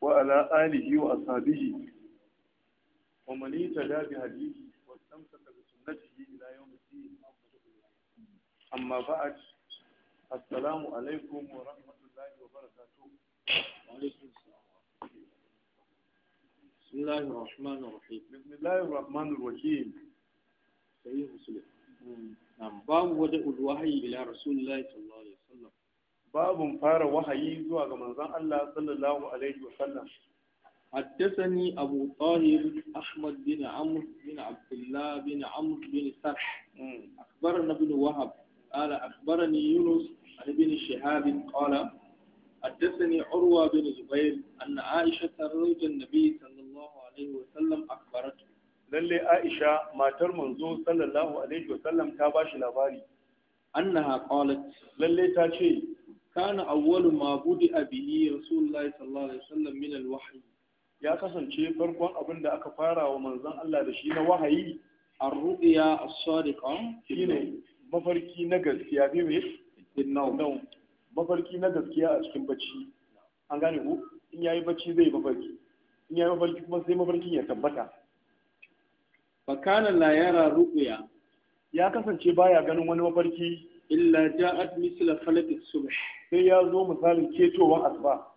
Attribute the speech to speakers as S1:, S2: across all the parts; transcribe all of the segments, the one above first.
S1: وعلى آله وأصحابه ومن يتدى بهديه واستمسك بسنته إلى يوم الدين أما بعد السلام عليكم ورحمة الله وبركاته وعليكم السلام بسم الله الرحمن الرحيم بسم الله الرحمن الرحيم سيد مسلم نعم باب ودع الوحي إلى رسول الله صلى الله عليه وسلم babun fara wahayi zuwa ga manzon Allah sallallahu alaihi wa sallam حدثني أبو طاهر أحمد بن عمرو بن عبد الله بن عمرو بن سرح أخبرنا ابن وهب قال أخبرني يونس عن ابن شهاب قال حدثني عروة بن زبير أن عائشة زوج النبي صلى الله عليه وسلم أخبرته للي عائشة ما ترمنزو صلى الله عليه وسلم تاباش لباري أنها قالت للي تاتشي kana awwalu ma budi abihi rasulullahi ya kasance farkon abin da aka fara wa manzon Allah da shi na wahayi ar-ru'ya as-sadiqa mafarki na gaskiya bi me mafarki na gaskiya a cikin bacci an gane ku in yayi bacci zai mafarki in yayi mafarki kuma sai mafarkin ya tabbata fa kana yara ru'ya ya kasance baya ganin wani mafarki illa ja'at misla khalaqis subh sai ya zo misalin ketowar asuba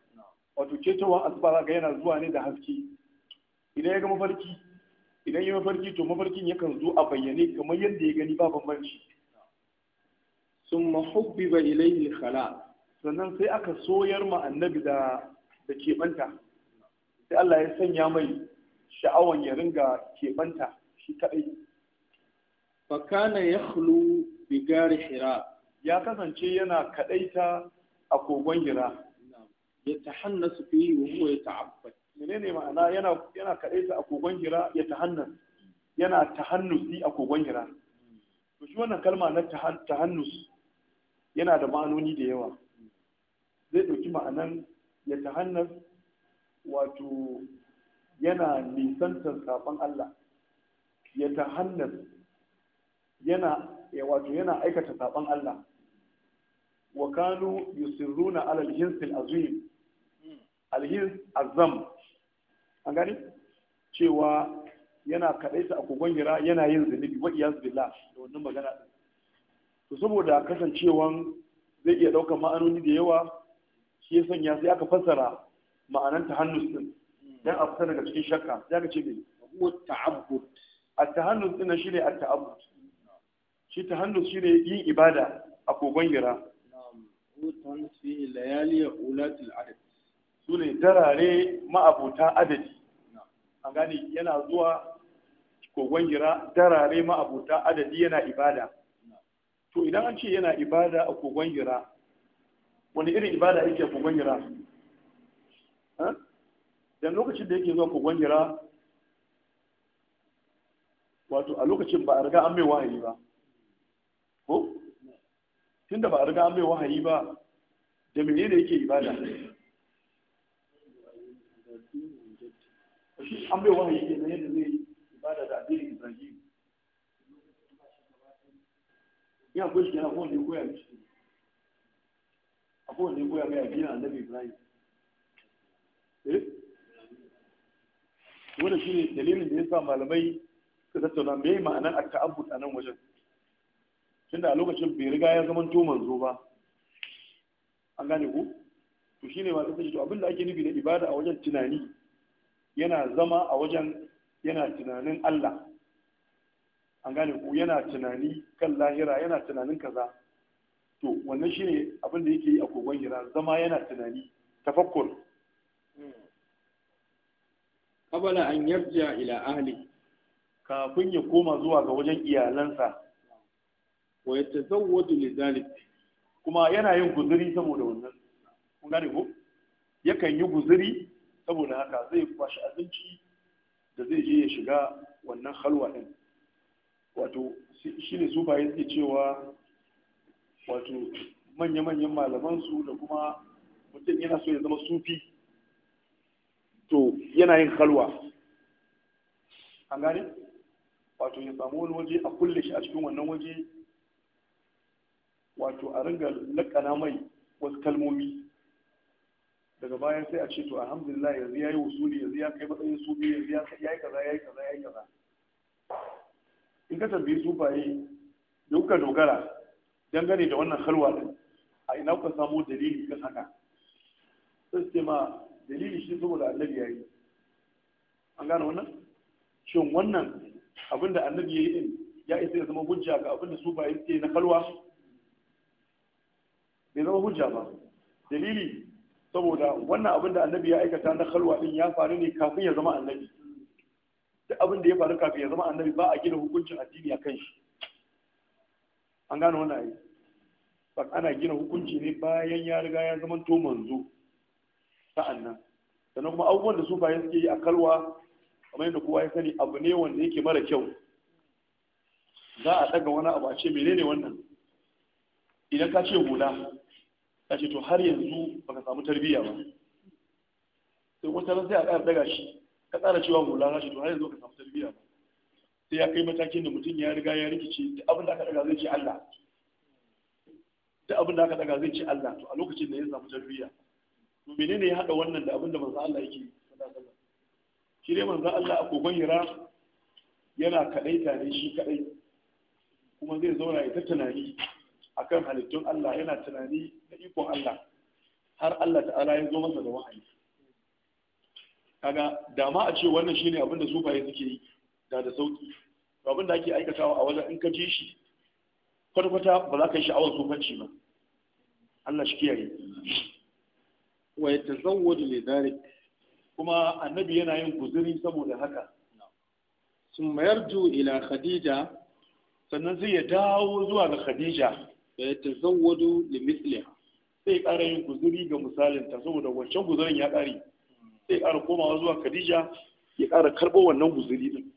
S1: wato ketowar asuba ga yana zuwa ne da haske idan ya ga mafarki idan ya mafarki to mafarkin yakan zo a bayyane kamar yadda ya gani ba bambanci summa hubbiba ilayhi khala sannan sai aka soyar ma annabi da da kebanta sai Allah ya sanya mai sha'awan ya ringa kebanta shi kadai fa kana yakhlu bigari hira ya kasance yana kadaita a kogon hira ya ta su fi wa huwa Mene menene ma'ana yana kadaita a kogon hira ya ta tahannas yana ta hannusi a kogon hira to shi wannan kalma na ta hannus yana da ma'anoni da yawa zai dauki ma'anan ya ta tahannas wato yana nisantar sabon Allah ya ta tahannas yana eh, wato yana aikata saban Allah wa kanu yusirruna ala al-hins al-azim al-hins azam an gani cewa yana kadaita a kogon hira yana yin zunubi wa iyaz billah da wannan magana din to saboda kasancewan zai iya daukar ma'anoni da yawa shi ya sanya sai aka fassara ma'anan hannu din dan a fita daga cikin shakka zaka ce me ta'abbud at-tahannus din shine at-ta'abbud shi ta hannu shi ne yin ibada a kogon gira su ne darare ma'abuta adadi an gani yana zuwa kogon gira darare ma'abuta adadi yana ibada to idan an ce yana ibada a kogon gira wani irin ibada yake a kogon gira dan lokacin da yake zuwa kogon gira wato a lokacin ba a riga an mai wahayi ba tunda ba a riga an mai wahayi ba da menene yake ibada an bai wahayi ne na yadda zai ibada da addinin ibrahim ya kuwa shi yana kowane koya mishi a kowane koya mai addinin annabi ibrahim eh wanda shi ne dalilin da ya sa malamai suka tattauna me ma'anar at-ta'abbud a nan wajen tunda a lokacin bai riga ya zama to manzo ba an gane ku to shine masu sai to abinda ake nufi da ibada a wajen tunani yana zama a wajen yana tunanin Allah an gane ku yana tunani kan lahira yana tunanin kaza to wannan shine abin da yake yi a kogon hira zama yana tunani tafakkur Kabala an yarja ila ahli kafin ya koma zuwa ga wajen iyalansa wa yatazawwaju li zalik kuma yana yin guzuri saboda wannan kun gane ko yakan yi guzuri saboda haka zai kwashi abinci da zai je ya shiga wannan halwa din wato shi ne su bayan ke cewa wato manya-manyan malamansu da kuma mutum yana so ya zama sufi to yana yin halwa an gane wato ya samu wani waje a kulle shi a cikin wannan waje wato a ringa lakana mai wasu kalmomi daga baya sai a ce to alhamdulillah yanzu yayi usuli yanzu ya kai matsayin sufi yanzu ya yi kaza ya yi kaza ya yi kaza in ka tambayi sufaye da kuka dogara dangane da wannan halwa din a ina kuka samo dalili ka saka sai ce ma dalili shi saboda annabi ya yi. an gane wannan shin wannan abinda annabi yi din ya isa ya zama hujja ga abinda sufaye suke na halwa bai zama hujja ba dalili saboda wannan abin da annabi ya aikata na khalwa din ya faru ne kafin ya zama annabi duk abin da ya faru kafin ya zama annabi ba a gina hukuncin addini a kan shi an gane wannan ayi ba ana gina hukunci ne bayan ya riga ya zama to manzo sa'annan sannan kuma abubuwan da su suke yi a kalwa kamar yadda kowa ya sani abu ne wanda yake mara kyau za a daga wani abu a ce menene wannan idan ka ce hula ka ce to har yanzu baka samu tarbiyya ba sai wata ran sai a ƙara daga shi ka tsara cewa hula ka ce to har yanzu baka samu tarbiyya ba sai ya kai matakin da mutum ya riga ya rikice da abin da aka daga zai ce Allah da abin da aka daga zai ce Allah to a lokacin da ya samu tarbiyya to menene ya hada wannan da abin da manzo Allah yake shi dai manzo Allah a kogon Hira yana kadai tare shi kadai kuma zai zauna ya tattauna ni akan halittun Allah yana tunani na ikon Allah har Allah ta'ala ya zo masa da wahayi kaga dama a ce wannan shine abin da sufaye suke yi da da sauki abin da ake aikatawa a wajen in ka ji shi kwata-kwata ba za ka yi sha'awar sufanci ba Allah shi kiyaye wa yatazawwadu li dhalik kuma annabi yana yin guzuri saboda haka sun mayar ila khadija sannan zai ya dawo zuwa ga khadija fa Zawadu li mithliha sai ƙara yin guzuri ga misalin ta saboda wancan guzurin ya ƙare sai ƙara komawa zuwa Khadija ya ƙara karɓo wannan guzuri din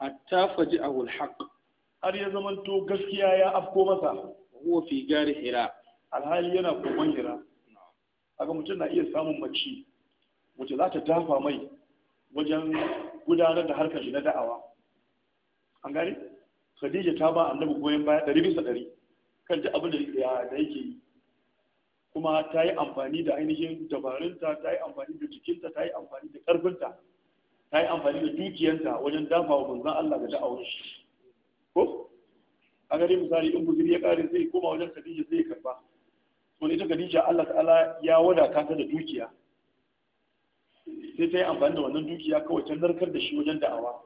S1: hatta faji a haqq har ya zamanto gaskiya ya afko masa huwa fi gari hira alhali yana koman hira aga mutum na iya samun mace wacce za ta dafa mai wajen gudanar da harkar shi na da'awa an gani khadija ta ba annabi goyon baya ɗari bisa ɗari kan ji abin da yake kuma ta yi amfani da ainihin dabarunta ta yi amfani da jikinta ta yi amfani da ƙarfinta ta yi amfani da dukiyanta wajen dafa wa manzan Allah da da'awar shi ko a gari misali in guziri ya ƙare zai koma wajen kadija zai karba wani ita Khadija Allah ta'ala ya wadata ta da dukiya sai ta yi amfani da wannan dukiya kawai ta narkar da shi wajen da'awa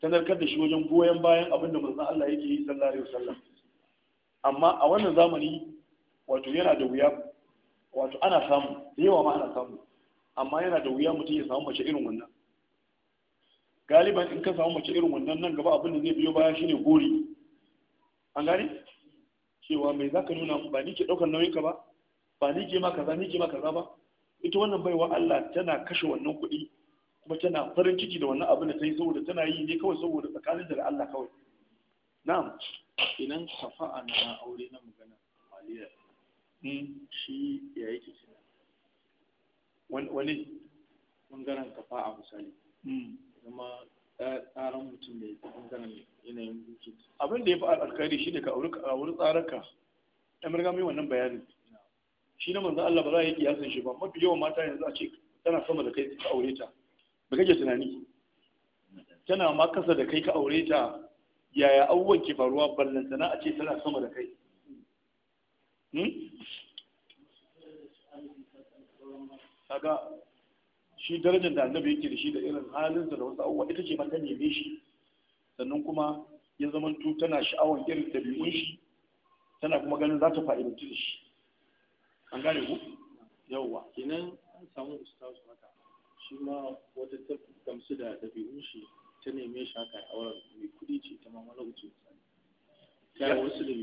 S1: ta narkar da shi wajen goyon bayan abin da manzan Allah yake yi sallallahu alaihi wasallam amma a wannan zamani wato yana da wuya wato ana samu da yawa ma ana samu amma yana da wuya mutum ya samu mace irin wannan galiban in ka samu mace irin wannan nan gaba abin da zai biyo baya shine gori an gane cewa mai zaka nuna ba ni ke daukar nauyinka ba ba ni ke maka za? ni ke maka za ba ita wannan baiwa Allah tana kashe wannan kuɗi kuma tana farin ciki da wannan abin da ta yi saboda tana yi ne kawai saboda tsakanin da Allah kawai na'am idan kafa'a na aure na magana maliya hmm. shi ya yake kina wani bangaren kafa'a misali hmm. zama tsarin mutum da ya bangaren yanayin duki abin da ya fi alkhairi shi ne ka auri tsararka ta mirga mai wannan bayanin shi na manzan Allah ba za a yi kiyasin shi ba mafi yawan mata yanzu a ce tana sama da kai ka aure ta ba kake tunani tana ma kasa da kai ka aure ta yaya abubuwan ke faruwa ballan sana a ce tana sama da kai hmm? kaga shi darajar da annabi yake da shi da irin halin da wasu abubuwa ita ce mata neme shi sannan kuma ya tu tana sha'awar irin ɗabi'un shi tana kuma ganin za ta fa'idantu da shi an gane ku yawwa kenan an samu ustaz mata shi ma wata ta gamsu da ɗabi'un shi ta neme shi haka ya auren mai kuɗi ce ta mamman lokacin ta yi wasu da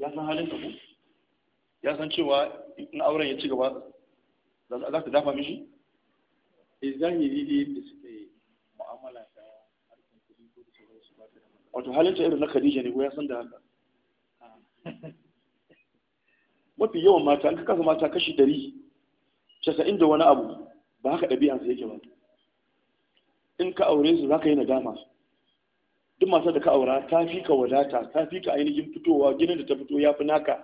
S1: ya san halin ka ko ya san cewa in auren ya ci gaba za ta dafa mishi zan eh, zahiri ne da suka yi mu'amala da harkar kuɗi ko
S2: da su ba ta da mata. wato halin ta irin na Khadija ne
S1: ko ya san da haka ah. mafi yawan mata an kasa mata kashi ɗari casa'in da wani abu ba haka ɗabi'ansa yake ba in ka aure su za ka yi nadama duk masu da ka aura ta fi ka wadata ta fi ka ainihin fitowa gidan da ta fito ya fi naka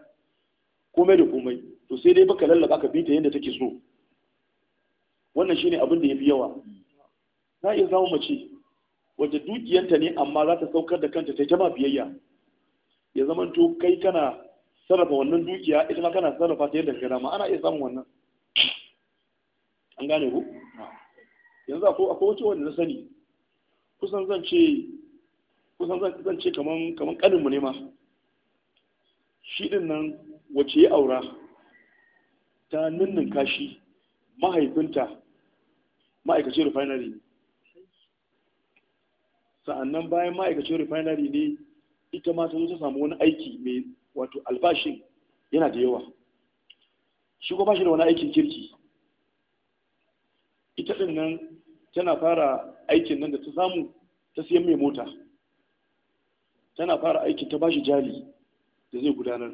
S1: komai da komai to sai dai baka lallaba ka bita yadda take so wannan shine abin da ya fi yawa za iya zama mace wadda dukiyanta ne amma za ta saukar da kanta ta ma biyayya ya zama to kai kana sarrafa wannan dukiya ita ma kana sarrafa ta yadda ka dama ana iya samun wannan an gane ku yanzu akwai wata wanda na sani kusan zan ce kusan zan kaman kaninmu ne ma shi din nan wace ya aura ta ninnin kashi mahaifinta ma'aikacin refinery sa'annan bayan ma'aikacin refinery ne ita ma ta zo ta samu wani aiki mai wato albashin yana da yawa shi kuma ba da wani aikin kirki ita din nan tana fara aikin nan da ta samu ta siyan mai mota tana fara aikin ta bashi jari da zai gudanar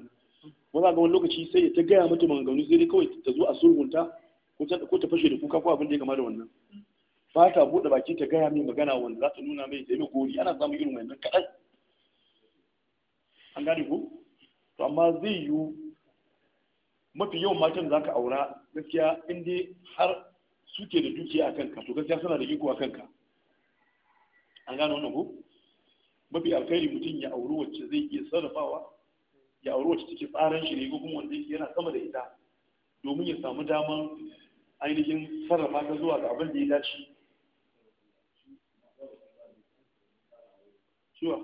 S1: maza ga wani lokaci sai ta gaya mata maganganu sai dai kawai ta zo a sulhunta ko ta fashe da kuka ko abin da ya kama da wannan ba ta bude baki ta gaya mai magana wanda za ta nuna mai da mai gori ana samun irin wannan kaɗai. an gane ko to amma zai yiwu mafi yawan matan za ka aura gaskiya in dai har suke da dukiya a kanka to gaskiya suna da iko a kanka an gano wannan ko mafi alkhairi mutum ya auri wacce zai iya sarrafawa ya auri wacce take tsaran shi ne ko kuma wanda yana sama da ita domin ya samu daman ainihin sarrafa ta zuwa ga abin da ya dace shiwa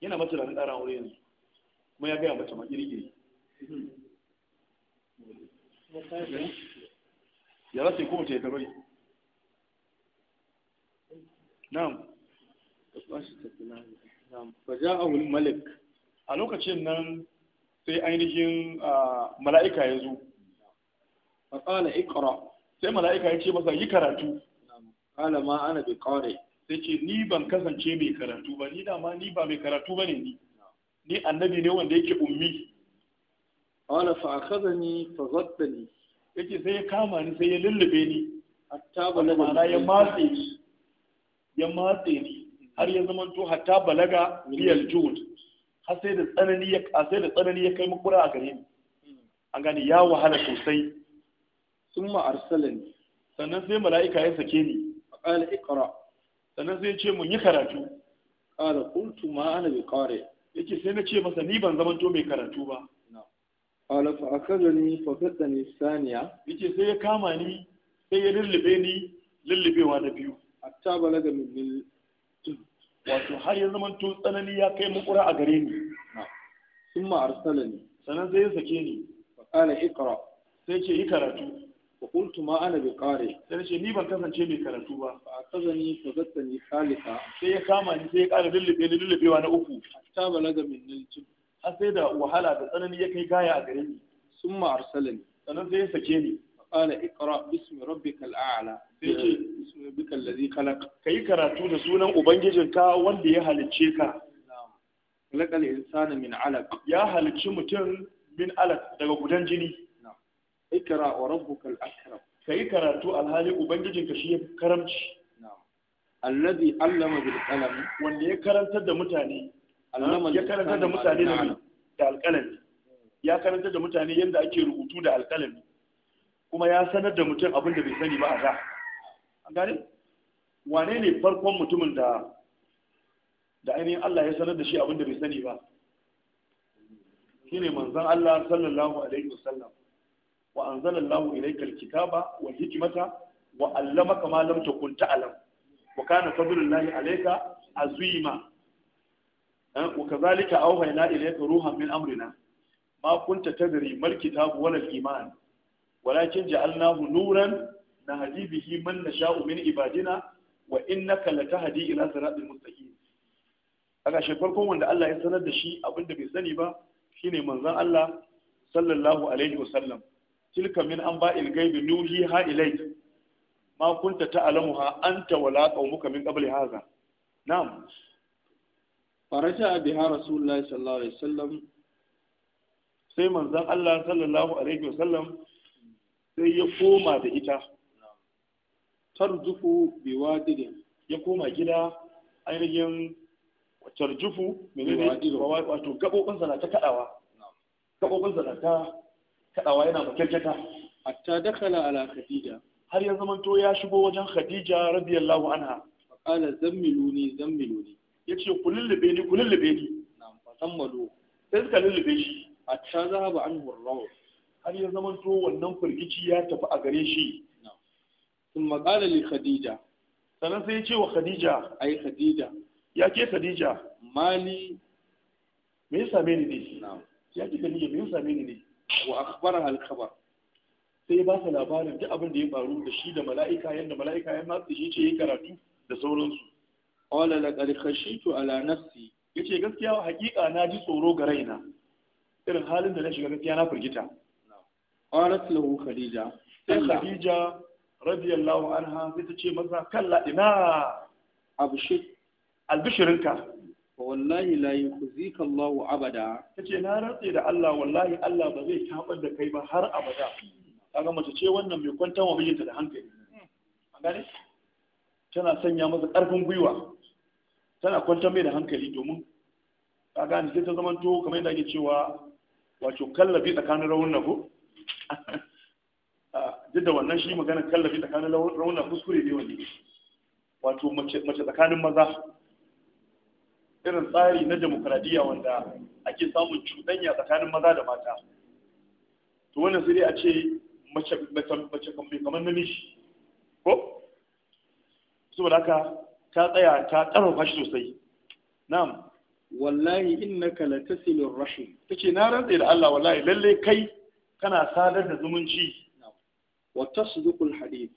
S1: yana mace da ƙara aure yanzu kuma ya gaya mace ma iri-iri ya rasa kuma ce ta bai na'am faja'ahu malik a lokacin nan sai ainihin mala'ika ya zo fasala ikra sai mala'ika ya ce masa yi karatu kala ma ana bi qari sai ce ni ban kasance mai karatu ba ni dama ni ba mai karatu ba ne ni ni annabi ne wanda yake ummi qala fa ni fa ghaddani yake sai ya kama ni sai ya lullube ni hatta balaga ya matse ni ya matse ni har ya zama to hatta balaga real jewel har sai da tsanani ya sai da tsanani ya kai makura a gare ni an gani ya wahala sosai Sun ma arsalani sannan sai mala'ika ya sake ni qala iqra sannan sai ya ce mun yi karatu qala qultu ma ana biqari yake sai na ce masa ni ban zama to mai karatu ba qala fa akadani fa faddani saniya yace sai ya kama ni sai ya lullube ni lullubewa na biyu hatta balaga min wato har ya zama to tsanani ya kai makura a gare ni summa arsalani sannan sai ya sake ni fa qala ikra. sai ce yi karatu ma ana bi بقارئ sai ce ni ban kasance mai karatu ba fa kazani fa zattani khalifa sai ya kama ni sai ya ƙara lullube ni lullubewa na uku hatta balaga min nil har sai da wahala da tsanani ya kai gaya a gare ni sun ma arsalani sannan sai ya sake ni qala iqra bismi rabbikal a'la sai ce bismi rabbikal ladhi khalaq kai karatu da sunan ubangijinka wanda ya halicce ka khalaqal insana min 'alaq ya halicci mutum min 'alaq daga gudan jini iqra wa rabbukal Ka yi karatu alhali ubangijinka shi ya karamci alladhi allama bil qalam wanda ya karantar da mutane ya karanta da mutane da alƙalami ya karanta da mutane yadda ake rubutu da alƙalami kuma ya sanar da mutum abin da bai sani ba a da an gane wane ne farkon mutumin da da ainihin Allah ya sanar da shi abin da bai sani ba shine manzon Allah sallallahu alaihi wasallam wa anzalallahu ilayka alkitaba wal hikmata wa allamaka ma lam takun ta'lam wa kana fadlullahi alayka azima Eh, wa kazalika auhayna ilayka ruhan min amrina ma kunta tadri mal kitabu iman walakin ja'alnahu nuran nahdi bihi man nasha'u min ibadina wa innaka latahdi ila siratal mustaqim kaga shi farkon wanda Allah ya sanar da shi abinda bai sani ba shine manzon Allah sallallahu alaihi wa sallam tilka min anba'il ghaibi nuhiha ilayk ma kunta ta'lamuha anta wala qaumuka min qabli hadha na'am faraja biha rasulullahi sallallahu alaihi wasallam sai manzon Allah sallallahu alaihi wasallam sai ya koma da ita tarjufu biwadin ya koma gida ainihin tarjufu menene wato gabobin sana ta kadawa gabobin sana ta kadawa yana makyarkyata hatta dakala khadija har ya zamanto ya shigo wajen khadija radiyallahu anha faqala zammiluni zammiluni ya ce ku lullube ni ku lullube ni san malo sai suka lullube shi a ta zaba an hurrawa har ya zama to wannan firgici ya tafi a gare shi sun maƙala li khadija sannan sai ya ce wa khadija ai khadija ya ke khadija mali me ya same ni ne ya ke khadija me ya same ni ne wa akhbara al khabar sai ba su labarin duk abin da ya faru da shi da mala'ika yadda mala'ika ya matsa shi ce ya karatu da sauransu qala laqad a ala Ya yace gaskiya hakika na ji tsoro ga raina irin halin da na shiga gaskiya na firgita qalat lahu khadija sai khadija radiyallahu anha sai ta ce masa kalla ina abshir albishirinka wallahi la yukhzika Allah abada tace na ratse da Allah wallahi Allah ba zai tabar da kai ba har abada kaga mace ce wannan mai kwantar wa mijinta da hankali an gane tana sanya masa karfin gwiwa tana kwantar mai da hankali domin ka gane sai ta zama to kamar yadda ake cewa wato kallafi tsakanin raunin ko ah, duk da wannan shi magana kallafi tsakanin raunin kuskure ne wani wato mace tsakanin maza irin tsari na demokradiyya wanda ake samun cuɗanya tsakanin maza da mata to wannan sai dai a ce mace kamar namiji ko saboda haka ta tsaya ta karfafa shi sosai na'am wallahi innaka latasilur rahim tace na rantsa da Allah wallahi lalle kai kana sadar da zumunci wa tasdiqul hadith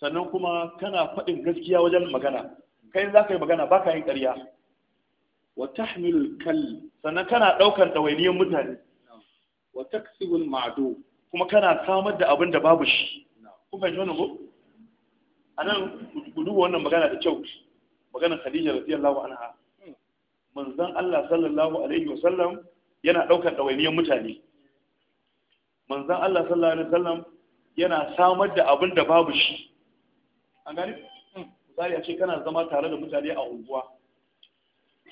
S1: sannan kuma kana faɗin gaskiya wajen magana kai za ka yi magana ba ka yin ƙarya wa tahmilul kal sannan kana ɗaukar ɗawainiyar mutane wa taksibul ma'du kuma kana samar da abin da babu shi Kuma fahimci wannan ko anan ku duba wannan magana da kyau maganar Khadija radiyallahu anha manzon Allah sallallahu alaihi wasallam yana daukar dawainiyar mutane manzon Allah sallallahu alaihi wasallam yana samar da abin da babu shi an gani hmm. misali a ce kana zama tare da mutane a unguwa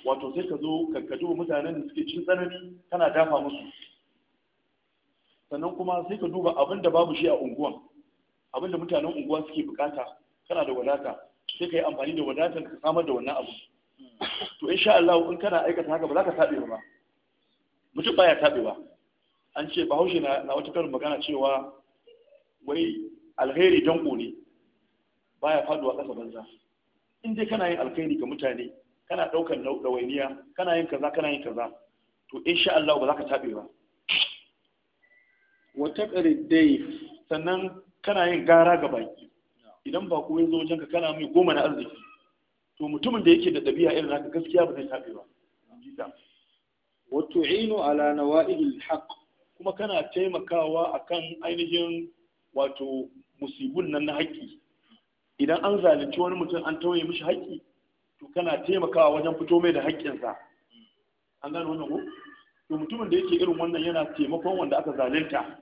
S1: wato sai ka zo ka duba mutanen da suke cin tsanani kana dafa musu sannan kuma sai ka duba abin da babu shi a unguwan abin da mutanen unguwa suke bukata kana da wadata sai ka yi amfani da wadatar ka samar da wannan abu to sha Allah in kana aikata haka ba za ka tabe ba mutum baya tabe ba an ce bahaushe na wata karin magana cewa wai alheri danko ne baya faduwa ƙasa banza in dai kana yin alkhairi ga mutane kana ɗaukar ɗawainiya kana yin kaza kana yin kaza to sha Allah ba za ka tabe ba wata dai sannan kana yin gara ga baki idan ba ko yanzu zo wajenka kana mai goma na arziki to mutumin da yake da ɗabi'a irin haka gaskiya ba zai tafi ba wa tu'inu ala nawa'il haqq kuma kana taimakawa akan ainihin wato musibun nan na haƙi idan an zalunci wani mutum an tauye mishi haƙi to kana taimakawa wajen fito mai da haƙƙinsa an gano wannan ko to mutumin da yake irin wannan yana taimakon wanda aka zalunta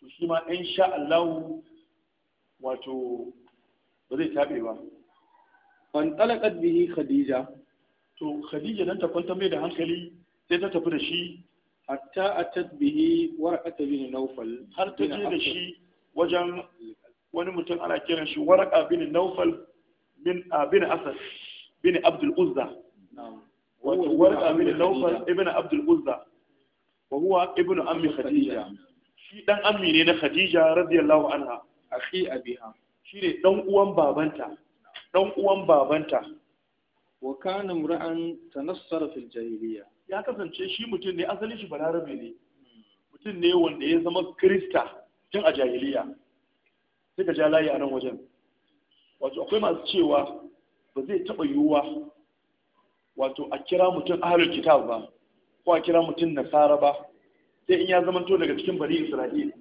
S1: to shi ma insha Allah wato ba zai taɓe ba an talaqat bihi khadija to khadija dan ta kwanta mai da hankali sai ta tafi da shi hatta atat bihi warqata bin naufal. har ta je da shi wajen wani mutum ana kiran shi warqa bin naufal bin bin asad bin abdul uzza wato warqa bin nawfal ibn abdul uzza wa huwa ibn ammi khadija shi dan ammi ne na khadija radiyallahu anha akhi abiha shine dan uwan babanta dan uwan babanta wa kana mur'an tanassara fil jahiliya ya kasance shi mutum ne asalin shi balarabe ne mutum ne wanda ya zama krista tun a jahiliya sai ka ja layi a nan wajen wato akwai masu cewa ba zai taɓa yiwuwa wato a kira mutum ahalul kitab ba ko a kira mutum nasara ba sai in ya zama zamanto daga cikin bari isra'ila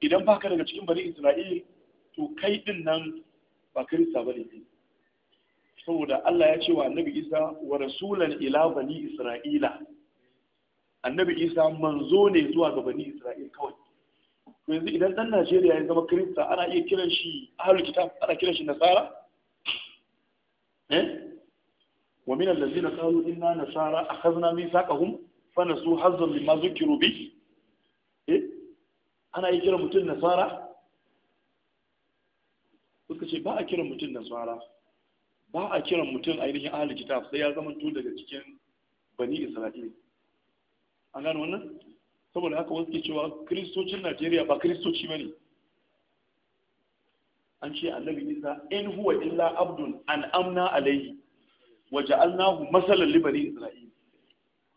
S1: idan baka daga cikin bani isra'il to kai din nan ba kirista ba ne saboda Allah ya ce wa annabi Isa wa rasulan ila bani isra'ila annabi Isa manzo ne zuwa ga bani isra'il kawai to yanzu idan dan Najeriya ya zama kirista ana iya kiran shi ahlul kitab ana kiran shi nasara eh ومن الذين قالوا إنا نصارى أخذنا ميثاقهم فنسوا حظا مما ذكروا به ana yi kiran mutum nasara suka ce ba a kiran mutum nasara ba a kiran mutum ainihin ahli kitab sai ya zama tun daga cikin bani isra'il an gano wannan saboda haka wasu ke cewa kristocin najeriya ba kristoci ba ne an ce annabi isa in huwa illa abdun an amna alaihi wajen annahu, masalan li bani isra'il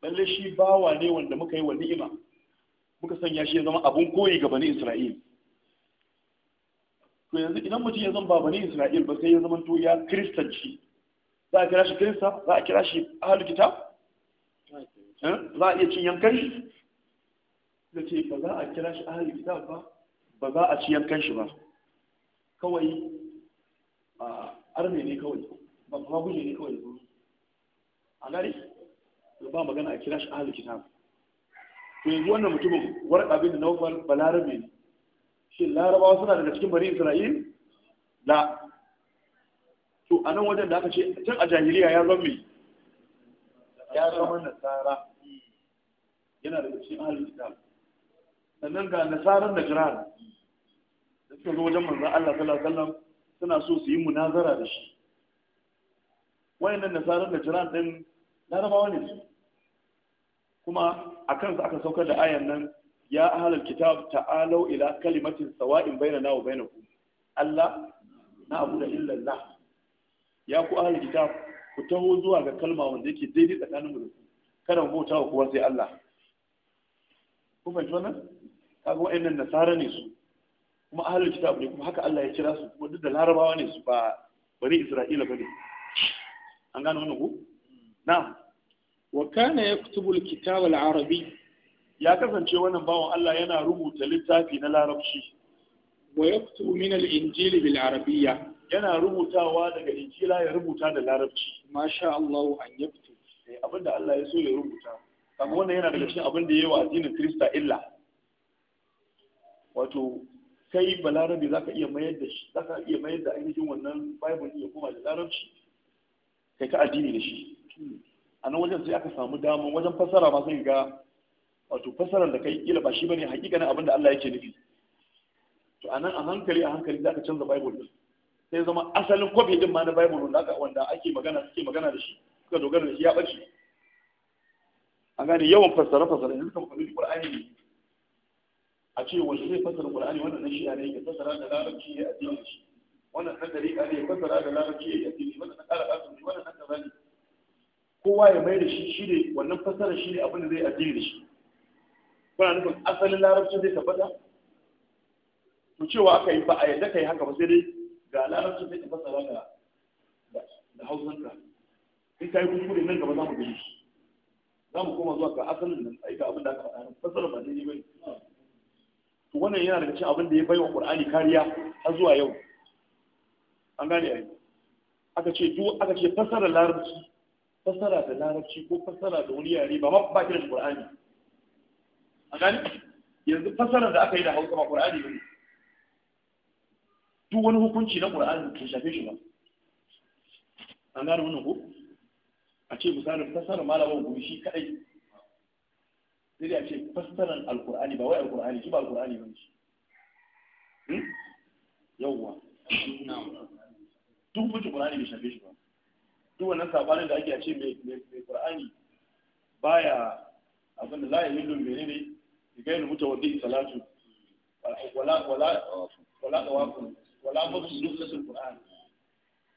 S1: lalle shi bawa ne wanda muka yi wa ni'ima muka sanya shi ya zama abun koyi ga bani Isra'il to yanzu idan mutum ya zama ba bani Isra'il ba sai ya zama to ya kristanci za a kira shi kirista za a kira shi ahlul kitab eh? za a iya cin yankan shi da ce ba za a kira shi ahlul kitab ba ba za a ci yankan shi ba kawai a arme ne kawai ba ba guje ne kawai a gari ba magana a kira shi ahlul kitab to yanzu wannan mutumin warka bin nawfal balarabe ne shin larabawa suna daga cikin bari isra'il la to a nan wajen da aka ce tun a jahiliya ya zama ya zama nasara yana daga cikin ahlul islam sannan ga nasarar da jiran da suka zo wajen manzon Allah sallallahu alaihi wasallam suna so su yi munazara da shi wayannan nasarar da jiran din larabawa ne su kuma a kansu aka saukar da ayan nan ya ahalar kitab ta'alau ila kalimatin sawa'in na wa ku. Allah na abu da illallah ya ku ahalar kitab ku taho zuwa ga kalma wanda yake daidai tsakanin mu da ku kada mu bauta wa kowa sai Allah ku fahimci wannan kaga wa'annan nasara ne su kuma ahalar kitab ne kuma haka Allah ya kira su kuma duk da larabawa ne su ba bari Isra'ila bane an gano wannan ku na'am wa kana yaktubu alkitab al-arabi ya kasance wannan bawon Allah yana rubuta littafi na larabci wa yaktubu min al-injil bil arabiyya yana rubutawa daga injila ya rubuta da larabci masha Allah an yaktu eh, abinda Allah ya so ya rubuta kaga wannan yana daga cikin abin da yayi wa addinin Kirista illa wato kai balarabi zaka iya mayar da shi zaka iya mayar da ainihin wannan bible ya koma da larabci kai ka addini da shi hmm. a nan wajen sai aka samu damar wajen fassara ma sai ga wato fassarar da kai kila ba shi bane hakikanin abin da Allah yake nufi to anan a hankali a hankali ka canza bible din sai zama asalin copy din ma na bible wanda wanda ake magana suke magana da shi suka dogara da shi ya bace an gane yawan fassara fassara yanzu kamar kalli qur'ani ne a ce wanda zai fassara qur'ani wannan shi ya ne ya fassara da larabci ya addini shi wannan dan dariqa ne ya fassara da larabci ya addini wannan dan kala wannan dan kaza ne kowa ya mai da shi shi ne wannan fasara shi ne abin da zai addini da shi kuna nufin asalin larabcin zai tabbata to cewa aka yi ba a yadda kai haka ba sai dai ga larabcin zai tabbata ba da hausanka in ka yi kuskure nan gaba za mu gani za mu koma zuwa ga asalin nan aika ga abin da aka faɗa Fassara ba daidai ba ne to wannan yana daga cikin abin da ya bai wa qur'ani kariya har zuwa yau an gane ai aka ce duk aka ce fasarar larabci fasara da larabci ko fasara da wani yare ba ba kira da Qur'ani a gani yanzu fasara da aka yi da Hausa ba Qur'ani ne. duk wani hukunci na Qur'ani ke shafe shi ba an gane wannan ko a ce misali fasara malamin gumi shi kadai sai a ce fassaran alqur'ani ba wai alqur'ani shi ba alqur'ani ba shi hmm? yawwa duk mutum qur'ani bai shafe shi ba duk wannan sabanin da ake a ce mai qur'ani baya abin da la yahillu menene gairi mutawaddi salatu wala wala wala tawafun wala duk dukkan qur'ani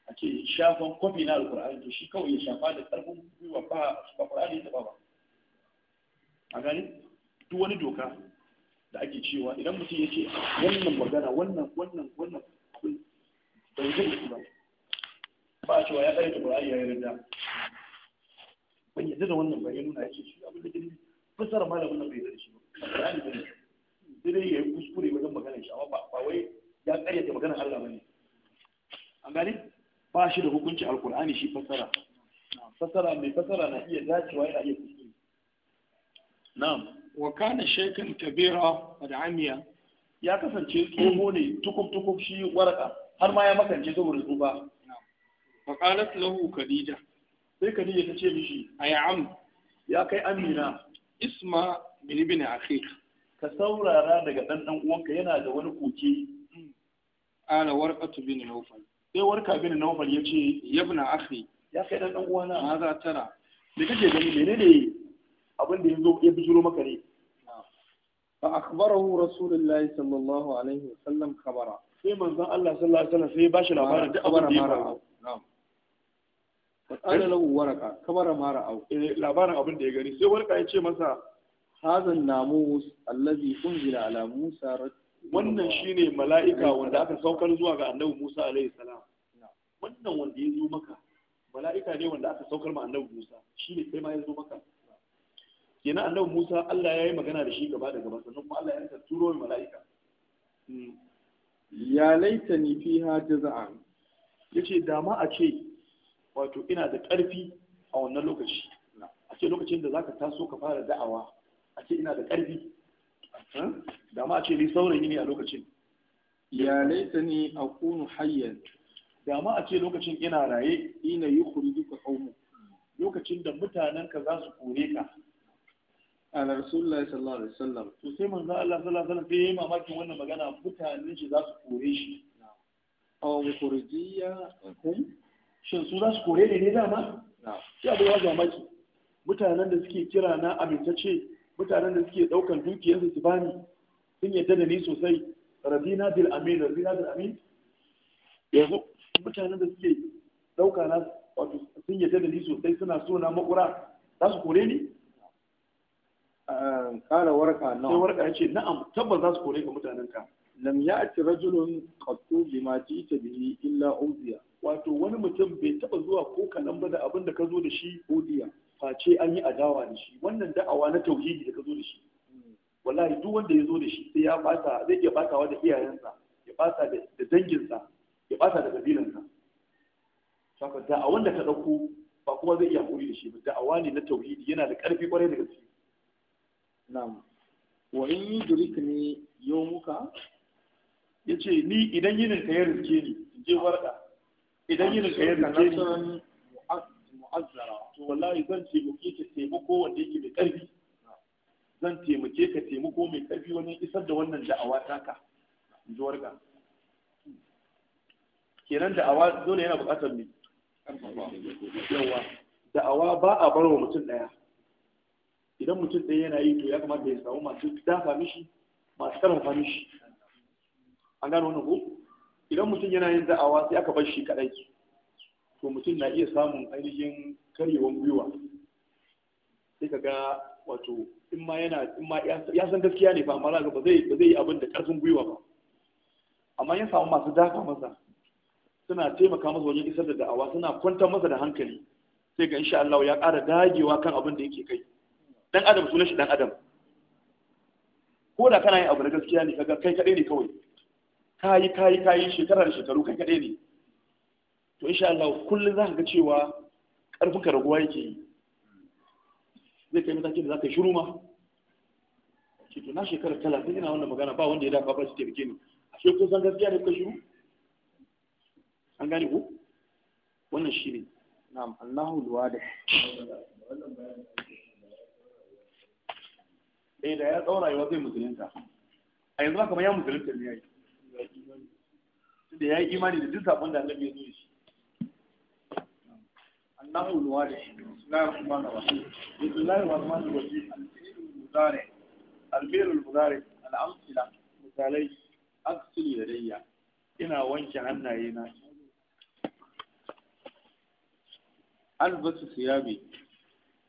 S1: Ake shafan kwafi na alkur'ani to shi kawai ya shafa da karfin gwiwa ba ba qur'ani ta ba a gani duk wani doka da ake cewa idan mutum ya ce wannan magana wannan wannan wannan abin bai zai ba ba shi cewa ya tsaye da Qur'ani ya yarda ban yadda da wannan bai nuna yake shi abin da ke fassara malamin nan bai yarda shi ba Qur'ani bai sai ya yi kuskure wajen magana shi amma ba wai ya tsare da magana Allah bane an gane ba shi da hukunci alkur'ani shi fassara fassara mai fassara na iya dacewa yana iya kuskure na'am wa kana shaykhan kabira da amiya ya kasance tsoho ne tukuf tukuf shi waraka har ma ya makance saboda tsufa fa qalat lahu khadija sai khadija ta ce A ay am ya kai amina isma min ibn akhik ka saurara daga dan uwanka yana da wani koke hmm. ala warqatu bin nawfal sai warka bin nawfal yace yabna akhi ya kai dan dan uwana maza tara me kake gani menene abin da yanzu ya bijiro maka ne فأخبره رسول الله صلى الله عليه وسلم خبرا sai manzon Allah sallallahu alaihi sai ya bashi labarin duk abin da ya faru fasala lahu waraka kamar ma ra'au eh, labarin abin da ya gani sai waraka ya ce masa hazan namus allazi unzila ala musa wannan shine mala'ika wanda aka saukar zuwa ga annabi musa alaihi salam wannan wanda ya zo maka mala'ika ne wanda aka saukar ma annabi musa shine kai ma ya zo maka kenan annabi musa Allah ya yi magana da shi gaba da gaba sannan kuma Allah ya ta turo mai mala'ika hmm. ya laita ni fi ha yace da ma a ce wato ina da ƙarfi a wannan lokaci a ce lokacin da zaka taso ka fara da'awa a ce ina da ƙarfi da ma a ce ni saurayi ne a lokacin ya laita ni a kunu hayyar da ma a ce lokacin ina raye ina yi kuri duka kaumu lokacin da mutanen ka za su kore ka a rasulullahi sallallahu alaihi wasallam to sai manzo Allah sallallahu alaihi wasallam sai yayi mamakin wannan magana mutanen shi za su kore shi aw mukhrijiyya hum shin su za su kore ne ne dama shi abu ya zama ki mutanen da suke kira na amintacce mutanen da suke daukan dukiyar su bani sun yadda da ni sosai rabina bil amin rabina bil amin yanzu mutanen da suke dauka na wato sun yadda da ni sosai suna so na makura za su kore ni kala warka na sai warka ya ce na'am tabbas za su kore ka mutanen ka lam ya'ti rajulun qattu bima ji'ta bihi illa umziya wato wani mutum bai taba zuwa ko kaɗan ba da abin da ka zo da shi odiya face an yi adawa da shi wannan da'awa na tauhidi da ka zo da shi wallahi duk wanda ya zo da shi sai ya bata zai iya batawa da iyayensa ya bata da danginsa ya bata da kabilansa saka da'awan da ka dauko ba kuma zai iya hori da shi ba da'awa ne na tauhidi yana da karfi kwarai da gaske na'am wa in yudrikni yawmuka yace ni idan yininka ya riske ni in je warka idan yin ka ya rike ni mu'azzara to wallahi zan taimake ka taimako wanda yake mai karfi zan taimake ka taimako mai karfi wani isar da wannan da'awa taka ji warga kenan da'awa dole yana buƙatar me yawa da'awa ba a barwa mutum ɗaya idan mutum ɗaya yana yi to ya kamata ya samu masu dafa mishi masu karfafa mishi an gano wannan ko idan mutum yana yin da'awa sai aka bar shi kadai to mutum na iya samun ainihin karyewan gwiwa sai ka ga wato in ma yana in ma ya san gaskiya ne fa amma ba zai ba zai yi abin da karfin gwiwa ba amma ya samu masu daka masa suna taimaka masa wajen isar da da'awa suna kwantar masa da hankali sai ga insha Allah ya ƙara dagewa kan abin da yake kai dan adam sunan shi dan adam ko da kana yin abu na gaskiya ne kaga kai kadai ne kawai kayi kayi kayi shekarar shekaru kai kadai ne to insha Allah kullum za ka ga cewa karfin ka raguwa yake yi zai kai matakin da za ka yi shiru ma ce to na shekarar talatin ina wannan magana ba wanda ya dafa ba shi taimake ni a shi ko san gaskiya ne kuka shiru an gane ko wannan shi ne na'am Allahu luwada eh da ya tsaura yawa zai musulunta a yanzu haka ma ya musulunta ne yayi da ya yi imani da duk sabon da annabi ya zo da shi annahu luwadi bismillahir rahmanir rahim wasu. rahmanir rahim al-fi'lul waje, al-fi'lul mudari al-amsila misalai aksil yadayya ina wanke hannaye na albasu siyabi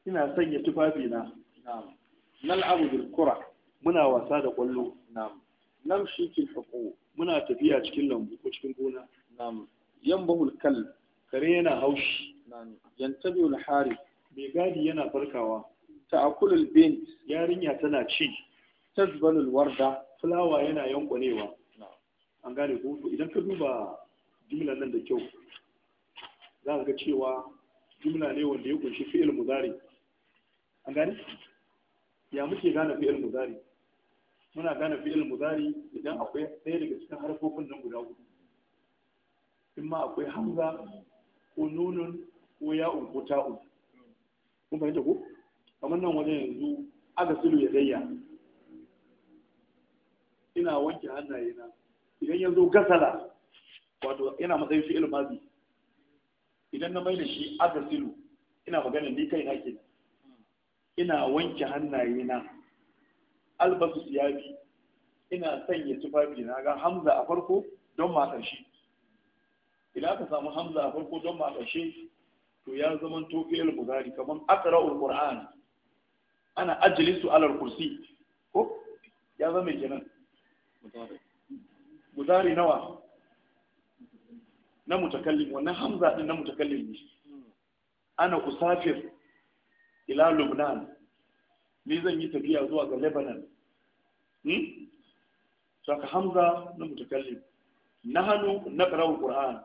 S1: ina sanya tufafi na na'am nal'abu bil kura muna wasa da kwallo na'am shi kin huquq muna tafiya cikin lambu ko cikin gona na'am yanbahul kal kare yana haushi na'am yantabiul hari bai gadi yana farkawa ta'akulul bint yarinya tana ci tazbalul warda fulawa yana yankwanewa an gane ko idan ka duba jumla nan da kyau za ka ga cewa jumla ne wanda ya kunshi fi'il muzari an gane ya muke gane fi'il muzari muna gane fi'il mudari idan akwai ɗaya daga cikin harfofin nan guda hudu in ma akwai hamza ko nunun ko ya'un ko ta'un kun fahimta ko kamar nan wajen yanzu aka silu ya zayya ina wanke hannaye na idan ya zo gasala wato yana matsayin fi'il mazi idan na mai da shi aka silu ina magana ni kai na ina wanke hannaye na albasu bi ina sanya tufafi na ga hamza a farko don matar ƙarshe. idan aka samu hamza a farko don matar ƙarshe to ya zama to fi'il kamar akara aqra'ul qur'an ana ajilisu alar kursi ko ya zama kenan mudari nawa na mutakallim wannan hamza din na mutakallim ne hmm. ana usafir ila lubnan ni zan yi tafiya zuwa ga lebanon hmm? saka hamza na mutakallim na hannu na ƙarawar ƙur'an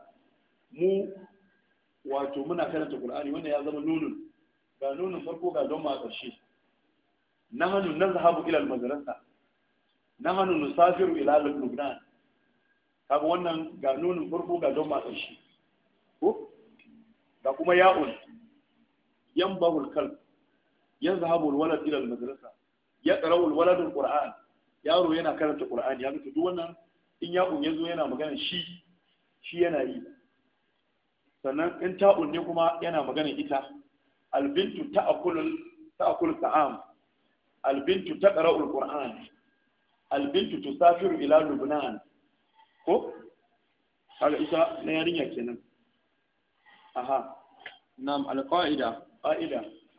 S1: mu wato muna karanta ƙur'ani wanda ya zama nunin ga nunin farko ga don ma ƙarshe na hannu na zahabu ilal madarasa na hannu nusafiru ila lubnan kaga wannan ga nunin farko ga don ma ƙarshe ko ga kuma ya'un yan bahul kalb yazhabu alwalad ila almadrasa yaqra'u alwalad alquran yaro yana karanta qur'ani ya duk wannan in ya kun yazo yana magana shi shi yana yi sannan in ta ne kuma yana magana ita albintu ta'kulu ta'kulu ta'am albintu taqra'u alquran albintu tusafiru ila lubnan ko kaga ita na yarinya kenan aha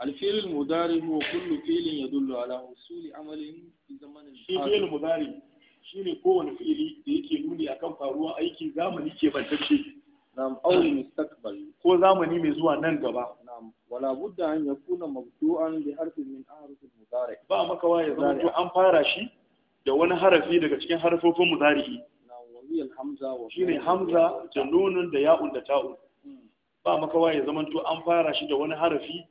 S1: الفعل المضارع هو كل فعل يدل على وصول عمل في زمن الحاضر شي فعل مضارع shine kowane fi'ili da yake nuni akan faruwa aiki zamani ke bantacce na'am aw mustaqbal ko zamani mai zuwa nan gaba na'am wala budda an yakuna mabdu'an bi harfin min ahruf al-mudari ba maka waye zama an fara shi da wani harafi daga cikin harfofin mudari na'am wa hamza wa shine hamza da nunun da ya'un da ta'un ba maka waye zaman an fara shi da wani harafi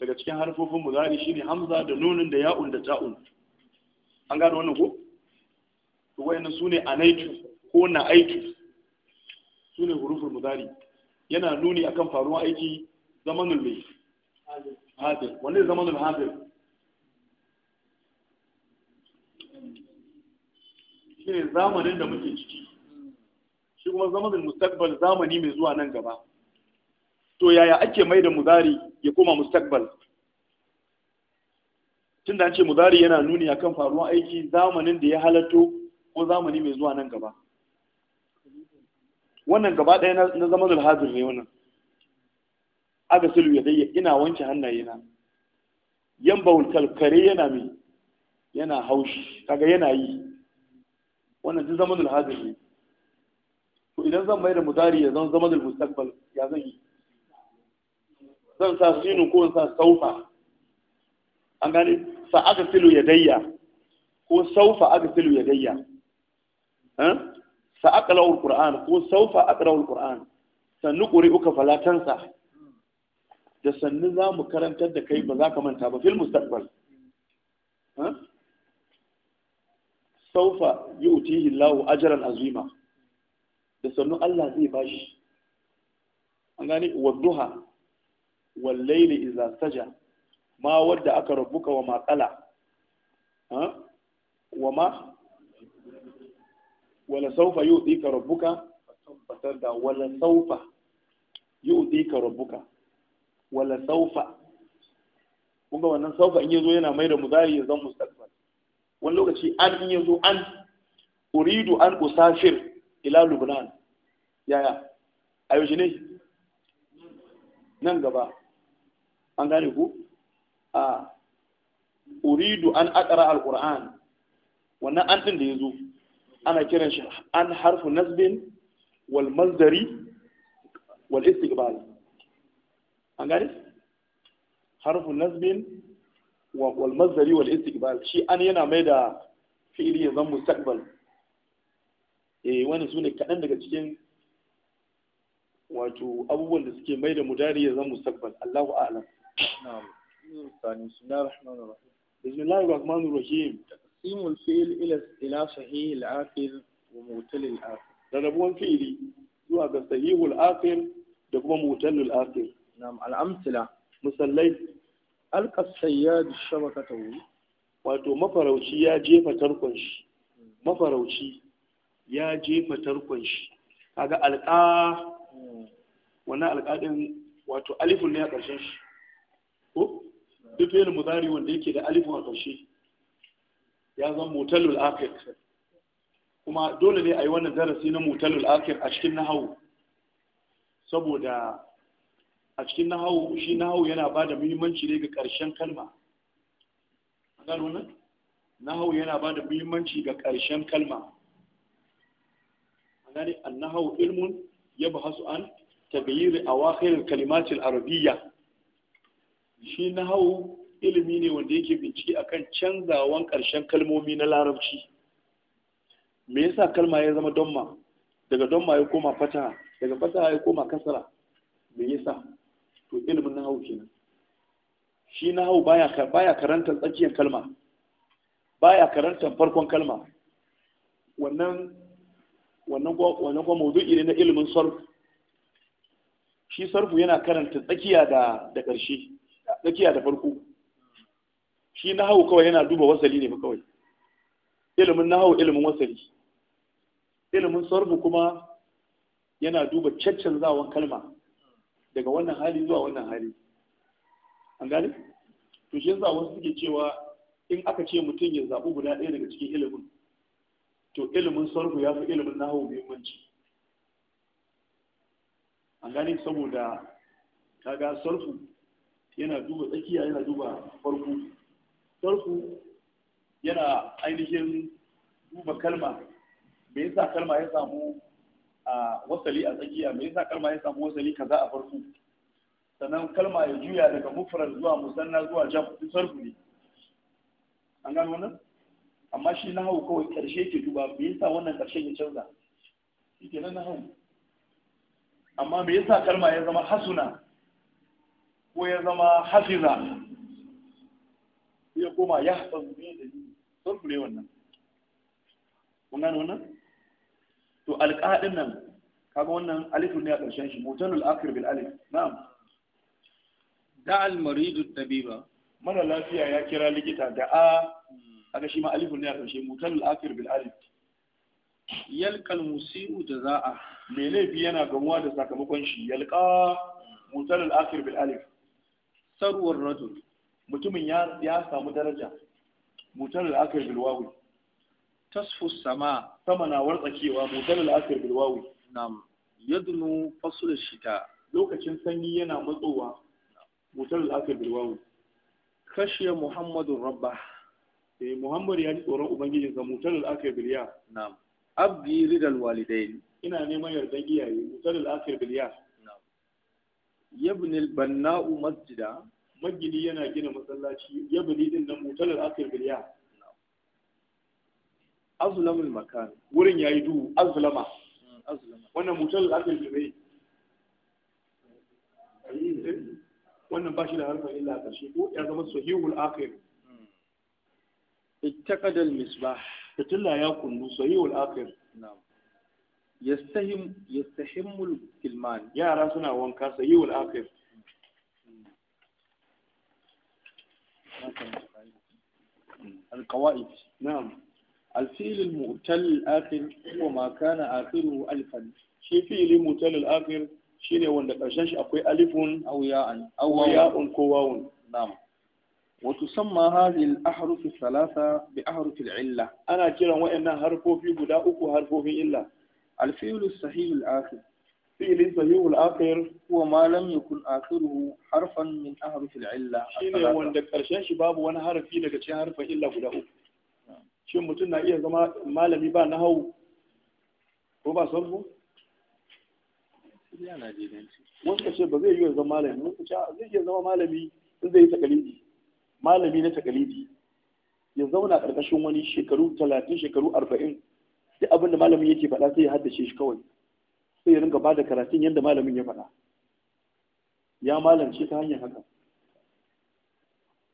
S1: daga cikin harfofin muzari shine hamza da nunin da ya'un da ta'un an gano wannan ko to wayannan sune anaitu ko na'aitu sune huruful muzari yana nuni akan faruwar aiki zamanul mai hadir wanne zamanul hadir shine zamanin da muke ciki shi kuma zamanul mustaqbal zamani mai zuwa nan gaba to yaya ake mai da muzari ya koma mustakbal tunda an ce muzari yana nuni akan faruwar aiki zamanin da ya halatto ko zamani mai zuwa nan gaba wannan gaba ɗaya na zama alhazir ne wannan aga silu ya dai ina wanke hannayena yan bawul kare yana mai yana haushi kaga yana yi wannan duk zama alhazir ne to idan zan mai da muzari ya zama zaman almustaqbal ya zan yi zan sa sinu ko sa saufa an gani sa aka silu ya dayya ko saufa aka silu ya dayya sa eh? aka lawar qur'an ko saufa aka lawar qur'an sannu ƙuri uka falatansa da sannu za mu karantar da kai ba za ka manta ba fil mustaqbal eh? saufa yi utihi lahu ajaran azima da sannu Allah zai bashi an gani wadduha wallaili iza saja ma wadda aka rubuka wa matsala wa ma wala saufa yi uɗika rabbuka da wala saufa yi uɗika rabbuka wala saufa kun ga wannan saufa in yazo yana mai da muzari ya zan mustaqbal wani lokaci an in yazo an uridu an usafir ila lubnan yaya a yaushe ne nan gaba an gane ku a uridu an aqra alquran wannan an din da yazo ana kiran shi an harfu nasbin wal mazdari wal istiqbal an gane harfu nasbin wal mazdari wal istiqbal shi an yana mai da fili ya zama mustaqbal eh wani sune kaɗan daga cikin wato abubuwan da suke mai da mudari ya zama mustaqbal Allahu a'lam بسم الله الرحمن الرحيم تقسيم الفعل إلى إلى صحيح الآخر ومبطل الآخر ربون فعلي zuwa ga sahihul akhir da kuma mutalul akhir na'am al'amsila musallai alqas sayyad shabakatahu wato mafarauci ya jefa tarkon shi mafarauci ya jefa tarkon shi kaga alqa wannan alqadin wato alifun ne a ƙarshen shi ko duk yana muzari wanda yake da alifu a ƙarshe ya zan mutalul afir kuma dole ne a yi wannan darasi na mutalul afir a cikin nahawu saboda a cikin nahawu shi nahawu yana ba da muhimmanci ne ga ƙarshen kalma a gano nan nahawu yana ba da muhimmanci ga ƙarshen kalma a an nahawu ilmun ya hasu an tagayyir a wakilin kalimatin arabiyya shi na hau ilimi ne wanda yake bincike akan canzawan ƙarshen kalmomi na larabci me yasa kalma ya zama donma daga donma ya koma fata daga fata ya koma kasara me yasa to ilimin na hau kenan shi na hau baya baya karantar tsakiyar kalma baya karantar farkon kalma wannan wannan wannan kuma mawdu'i ne na ilimin sarf shi sarfu yana karanta tsakiya da da ƙarshe tsakiya da farko shi na hau kawai yana duba wasali ne ba kawai ilimin na hau ilimin wasali ilimin sarfu kuma yana duba zawon kalma daga wannan hali zuwa wannan hali an gane to shi yasa wasu suke cewa in aka ce mutum ya zaɓi guda ɗaya daga cikin ilimin to ilimin sarfu ya fi ilimin hau muhimmanci an gane saboda kaga sarfu yana duba tsakiya yana duba farko farko yana ainihin duba kalma me yasa kalma ya samu a wasali a tsakiya me yasa kalma ya samu wasali kaza a farko sannan kalma ya juya daga mufrad zuwa musanna zuwa jam duk farko ne an gano wannan amma shi na hau kawai karshe ke duba me yasa wannan karshen ya canza shi nan na hau amma me yasa kalma ya zama hasuna ko ya zama hafiza ya koma ya hafazu ne da ni sarku ne wannan kun gane wannan to alƙaɗin nan kaga wannan alifin ne a ƙarshen shi mutanul akhir bil alif na'am da al maridu tabiba mara lafiya ya kira likita da a kaga shi ma alifin ne a ƙarshe mutanul akhir bil alif yalqal musiu jazaa me laifi yana gamuwa da sakamakon shi yalqa mutanul akhir bil alif Saruwar rajul mutumin ya samu daraja mutar da aka yi bilwawi tasfu sama sama na wartsakewa mutar da aka yi bilwawi nam yadnu fasul shita lokacin sanyi yana matsowa mutar da aka yi bilwawi Kashe muhammadun rabba eh muhammad ya ji tsoron ubangiji ga mutar da aka yi bilya nam abdi ridal walidain ina neman yardan iyaye mutar da aka yi bilya yabnil banna'u masjida magini yana gina masallaci yabni din nan mutalar akhir biliya azlamul makan wurin yayi duhu azlama wannan mutalar akhir biliya wannan ba shi da harfa illa a ko ya zama sahihul akhir hmm. ittaqada al misbah fitilla ya kunnu sahihul akhir na'am yastahim yastahimul kilman yara suna wanka sai yul akif alqawaid na'am alfil almu'tal alakhir huwa ma kana akhiru alfan shi fil almu'tal alakhir shine wanda karshen shi akwai alifun aw ya'an aw ya'un ko wawun na'am wa tusamma hadhihi alahruf althalatha bi ahruf illa. ana kiran wa'annan harfofi guda uku harfofin illa الفعل الصحيح الآخر فعل الصحيح الآخر هو ما لم يكن آخره حرفا من أحرف العلة شيني وند كرشان شباب وانا حرفي daga cikin harfin illa guda uku shin mutum na iya zama malami ba هو hau ko ba sarfu wasu ka ce ba zai yi wa zama malami wasu ce zai yi zama malami in zai yi takalidi malami na takalidi ya zauna ƙarƙashin wani shekaru talatin shekaru arba'in Sai abin da malamin yake faɗa sai ya haddace shi kawai sai ya ringa bada karatun yadda malamin ya faɗa ya malamci ta hanyar haka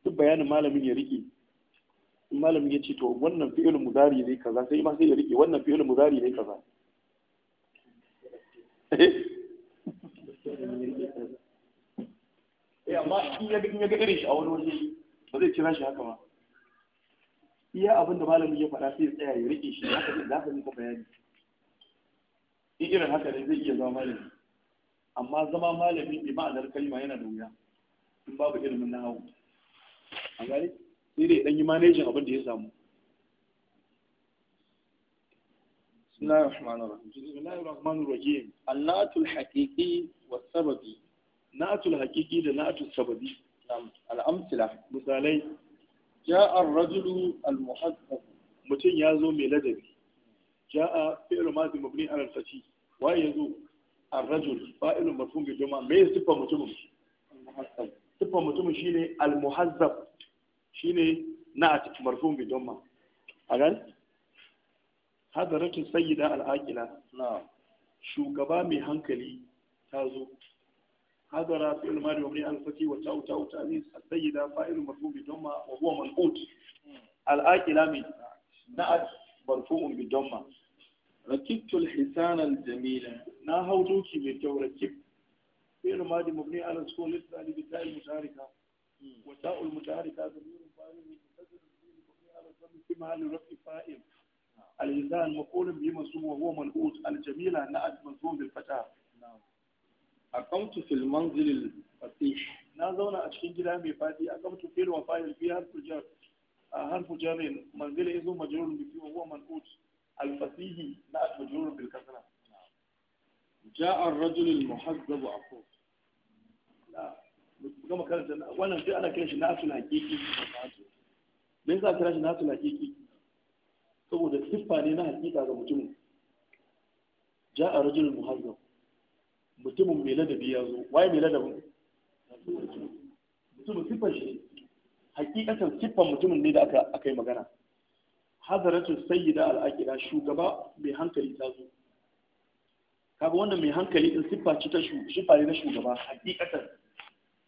S1: duk bayanin malamin ya riƙe in malamin ya ce to wannan fi'il muzari ne kaza sai ma sai ya riƙe wannan fi'il muzari ne kaza eh amma in ya ga irin shi a wani waje ba zai kira shi haka ba iya abin da malamin ya faɗa sai ya tsaya ya rike shi haka ne zaka nika bayani in irin haka ne zai iya zama malami amma zama malami bi ma'anar kalma yana da wuya in babu ilimin na hau. a gari sai dai dan yi manajin abin da ya samu بسم haƙiƙi الرحمن الرحيم بسم الله da natul sababi. نعم Misalai. Ya'ar rajulun Al muhazzab mutumin ya mai ladabi. Ya'a filawan mazima binin alalfaci. Wa ya zo a rajul ba ila marfumbi don ma me su fa mutumin. Sufa mutumin shine Al muhazzab. Shi ne na'ar marfumbi don ma. Hadarakin sanyaya na shugaba mai hankali ta zo. حضر في المال يغني عن الفتي وتاو تاو تأنيس السيدة فائل مرفوع بضمة وهو منقوط الآكلة من نعت مرفوع بضمة ركبت الحسان الجميلة ناهو دوكي بكو ركبت في المال مبني على سكون لسه لبتاء المتاركة وتاء المتاركة ضمير فائل مبني على في محل رفع فائل الإنسان مقول به منصوب وهو منقوط الجميلة نعت منصوب بالفتاة aqamtu fil manzil fasih na zauna a cikin gida mai fadi aqamtu fil wa fa'il fi harfu jar harfu jar manzil yazo majrur bi fi huwa manqut al fasih na majrur bil kasra جاء الرجل المحذب عفوف Wannan sai ana وانا shi na كاش ناس حقيقي me yasa kira shi na nasu hakiki saboda siffa ne na hakika ga mutumin ja a rajul muhazzab mutumin mai ladabi ya zo waye mai ladabin mutumin siffar shi hakikatan siffar mutumin ne da aka aka yi magana hadaratu sayyida al-aqida shugaba mai hankali ta zo kaga wannan mai hankali din sifa ce ta siffa ne na shugaba hakikatan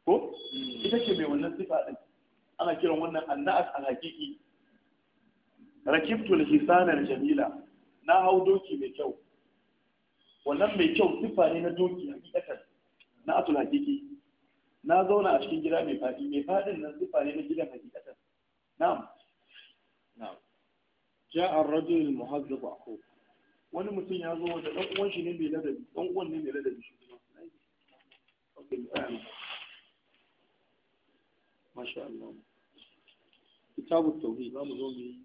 S1: ko ita ce mai wannan sifa din ana kiran wannan annas al-haqiqi rakibtul hisana jamila na hau doki mai kyau wannan mai kyau siffa ne na doki hakikatan na atul hakiki na zauna a cikin gida mai fadi mai fadin nan siffa ne na gidan hakikatan na'am na'am ja ar-rajul muhazzab akhu wani mutum ya zo da dan uwan shi ne mai ladabi dan uwan ne mai ladabi shi masha Allah kitabu tauhid za mu zo mu yi